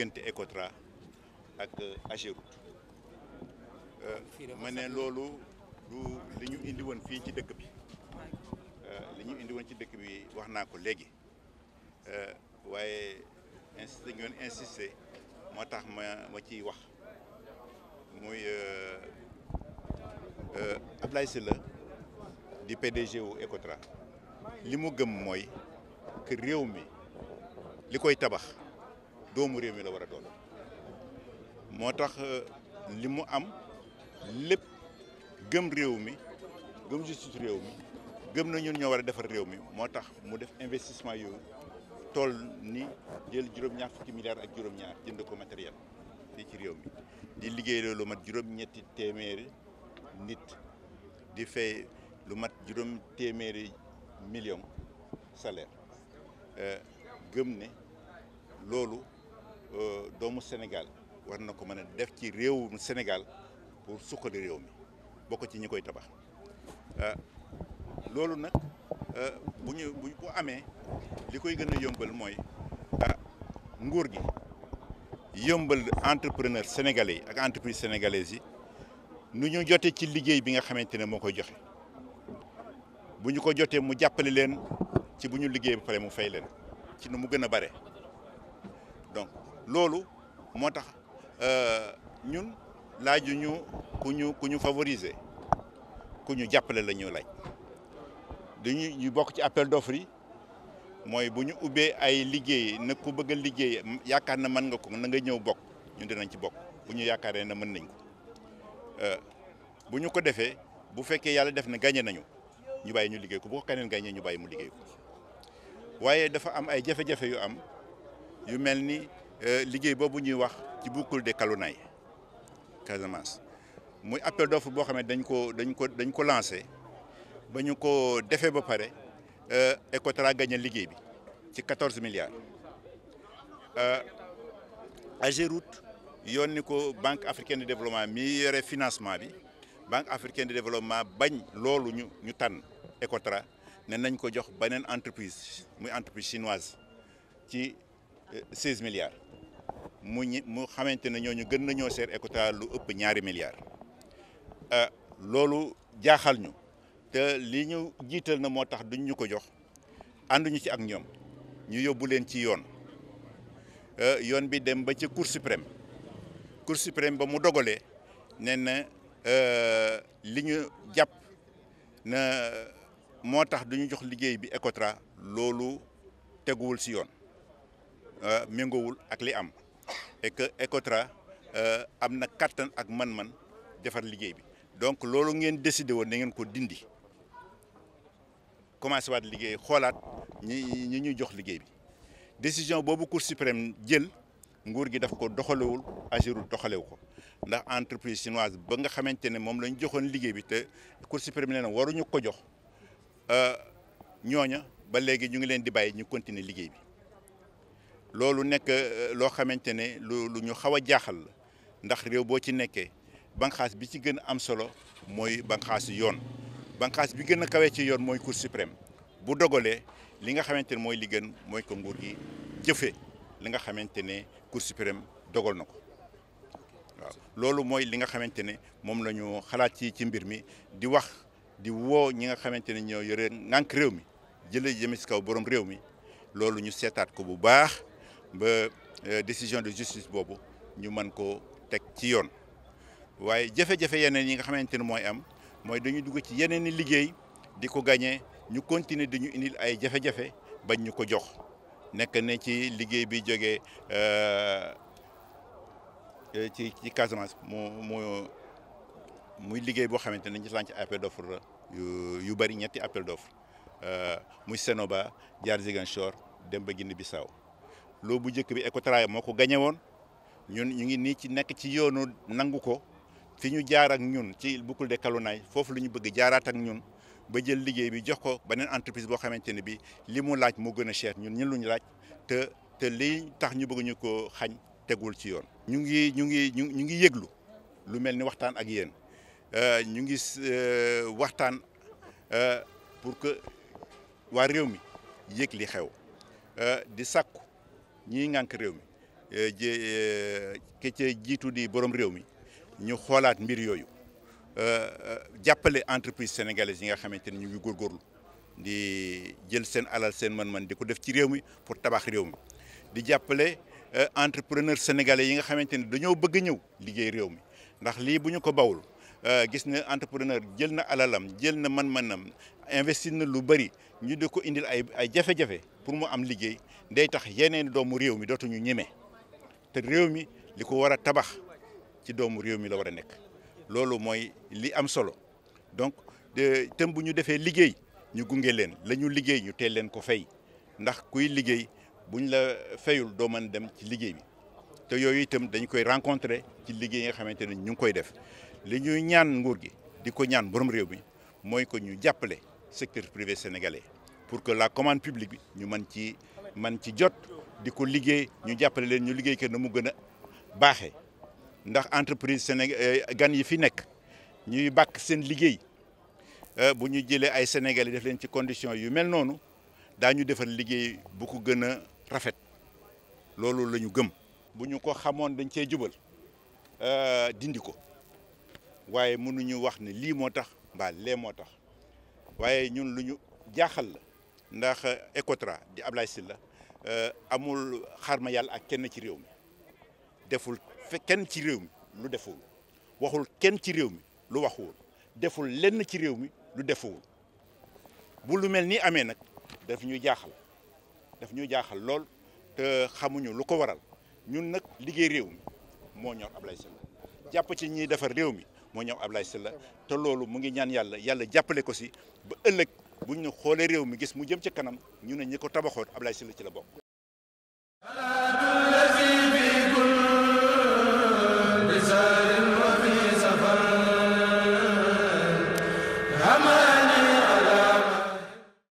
diggante Ecotra ak Ageroute euh, euh, ma ne loolu du li ñu indi woon fii ci dëkk bi euh, li ñu indi woon ci dëkk bi wax naa ko léegi waaye insisté ngeen insisté moo tax ma ma ciy wax muy Ablaye Sylla di PDG wu Ecotra li mu gëm mooy que réew mi li koy tabax doomu réew mi la war a doon moo tax euh, li mu am lépp gëm réew mi gëm justice réew mi gëm na ñoo war a defar réew mi moo tax mu def investissement yooyu tool ni jël juróom-ñaar fukki milliards ak juróom-ñaar jënd ko matériel fii ci réew mi di liggéey loolu mat juróom-ñetti téeméeri nit di fay lu mat juróom téeméeri million salaire euh, gëm ne loolu Euh, doomu Sénégal war na ko mën a def ci réewum Sénégal pour suqali réew mi bokk ci ñi koy tabax euh, loolu nag euh, bu ñu bu amee li koy gën a yombal mooy ah nguur gi yombal entrepreneur sénégalais yi ak entreprise sénégalaise yi nu ñu jotee ci liggéey bi nga xamante ne moo koy joxe bu ñu ko jotee mu jàppale leen ci bu ñu liggéey ba pare mu fay leen ci nu mu gën a bare. loolu moo tax euh, ñun laaju ñu ku ñu ku ñu favoriser ku ñu jàppale la ñu laaj dañu ñu bokk ci appel d'offre yi mooy bu ñu ubbee ay liggéey na ku bëgg a liggéey yaakaar na mën nga ko na ñëw bokk ñun dinañ ci bokk bu ñu yaakaaree na mën nañ ko euh, bu ñu ko defee bu fekkee yàlla def na gagné nañu ñu bàyyi ñu liggéey ko bu ko keneen gagné ñu bàyyi mu liggéey ko waaye dafa am ay jafe-jafe yu am yu mel ni Euh, liggéey boobu ñuy wax ci boucle de Kalounay Casamance muy appel d'offre boo xam ne dañ ko dañ ko dañ ko lancé ba ñu ko defee ba pare euh, Ecotra gagné liggéey bi ci quatorze milliards euh, Ageroute yónni ko banque africaine de développement mi yore financement bi banque africain de développement bañ loolu ñu ñu tànn Ecotra neen nañ ko jox beneen entreprise muy entreprise chinoise ci seize milliards mu mu xamante ne ñooñu gën nañoo seer Ecotra lu ëpp ñaari milliards euh, loolu jaaxal ñu te li ñu jiital na moo tax duñ ñu ko jox ànduñu ci ak ñoom ñu yóbbu leen ci yoon euh, yoon bi dem ba ci Cour suprême Cour suprême ba mu dogalee nee na euh, li ñu jàpp na moo tax duñu jox liggéey bi Ecotra loolu teguwul si yoon méngoowul ak li am et que Ecotra euh, am na kattan ak man-man defar liggéey bi donc loolu ngeen décidé woon na ngeen ko dindi commencé waat liggéey xoolaat ñi ñi ñuy jox liggéey bi décision boobu Cour suprême jël nguur gi daf ko doxalewul agirul doxalewu ko ndax entreprise chinoise ba nga xamante ne moom lañ joxoon liggéey bi te Cour suprême nee na waruñu ko jox euh, ñooña ba léegi ñu ngi leen di bàyyi ñu continuer liggéey bi loolu nekk euh, loo xamante ne lu lu ñu xaw a jaaxal la ndax réew boo ci nekkee banqaas bi ci gën a am solo mooy banqaasu yoon banqaas bi gën a kawee ci yoon mooy cour suprême bu dogalee li nga xamante ne mooy li mooy ko nguur gi jëfee li nga xamante ne cour suprême dogal na ko waaw mooy li nga xamante ne moom la ñu xalaat ci ci mbir mi di wax di woo ñi nga xamante ne ñoo yore ŋànk réew mi jëlee jëme si kaw borom réew mi loolu ñu seetaat ko bu baax ba euh, décision de justice boobu ñu man ko teg ci yoon waaye jafe-jafe yeneen yi nga xamante ne mooy am mooy dañu dugg ci yeneen i liggéey di ko gagné ñu continuer dañu ñu indil ay jafe-jafe bañ ñu ko jox nekk na ci liggéey bi jógee euh, euh, ci ci Casamance mu mu muy liggéey boo xamante ne ñu ci lancé appel d'offre yu yu bëri ñetti appel d'offre muy Sénoba jaar Ziguinchor dem ba Guinée Bissau loo bu njëkk bi Ecotra moo ko gañe woon ñun ñu ngi nii ci nekk ci yoonu nangu ko fi ñu jaar ak ñun ci boucle de Kalounayes foofu lu ñu bëgg jaaraat ak ñun ba jël liggéey bi jox ko beneen entreprise boo xamante ne bi li mu laaj moo gën a cher ñun ñun lu ñu laaj te te lii tax ñu bëgg ñu ko xañ tegul ci yoon. ñu ngi ñu ngi ñu ñu ngi yëglu lu mel ni waxtaan ak yéen euh, ñu ngi euh, waxtaan euh, pour que waa réew mi yëg li xew di sàkku ñii ngànk réew mi eh, eh, ki ci jiitu di borom réew mi ñu xoolaat mbir yooyu eh, jàppale entreprise sénégalaise yi nga xamante ni ñu ngi góorgóorlu di jël seen alal seen man man di ko def ci réew mi pour tabax réew mi di jàppale entrepreneur sénégalais yi nga xamante ni dañoo bëgg ñëw liggéey réew mi ndax lii bu ñu ko bawul Euh, gis na entrepreneur jël na alalam jël na man-manam investir na lu bëri ñu di ko indil ay ay jafe-jafe pour mu am liggéey day tax yeneen doomu réew mi dootuñu ñeme te réew mi li ko war a tabax ci doomu réew mi la war a nekk loolu mooy li am solo donc tëm bu ñu defee liggéey ñu gunge leen la ñu liggéey ñu teel leen ko fay ndax kuy liggéey buñ la fayul doo mën dem ci liggéey bi te yooyu itam dañ koy rencontrer ci liggéey yi nga xamante ne ñu ngi koy def li ñuy ñaan nguur gi di ko ñaan borom réew mi mooy que ñu jàppale secteur privé sénégalais pour que la commande publique bi ñu mën ci man ci jot di ko liggéey ñu jàppale leen ñu liggéey que na mu gën a baaxee ndax entreprise Sénégal euh, gan yi fi nekk ñuy bàkk seen liggéey euh, bu ñu jëlee ay sénégalais def leen ci condition yu mel noonu daa ñu defar liggéey bu ko gën a rafet loolu lañu gëm. bu ñu ko xamoon dañ cee jubal euh, dindi ko. waaye mënuñu wax ne lii moo tax mbaa lee moo tax waaye ñun lu ñu jaaxal la ndax eh, Ecotra di Ablaye Sylla eh, amul xarma yàlla ak kenn ci réew mi deful kenn ci réew mi lu deful waxul kenn ci réew mi lu waxuwul deful lenn ci réew mi lu defuwul bu lu mel ni amee nag daf ñu jaaxal daf ñu jaaxal lool te xamuñu lu ko waral ñun nag liggéey réew mi moo ñor Ablaye Sylla jàpp ci ñuy defar réew mi moo ñoom Ablaye Sylla te loolu mu ngi ñaan yàlla yàlla jàppale ko si ba ëllëg buñ ñu xoolee réew mi gis mu jëm ci kanam ñu ne ñi ko tabaxoon Ablaye Sylla ci la bokk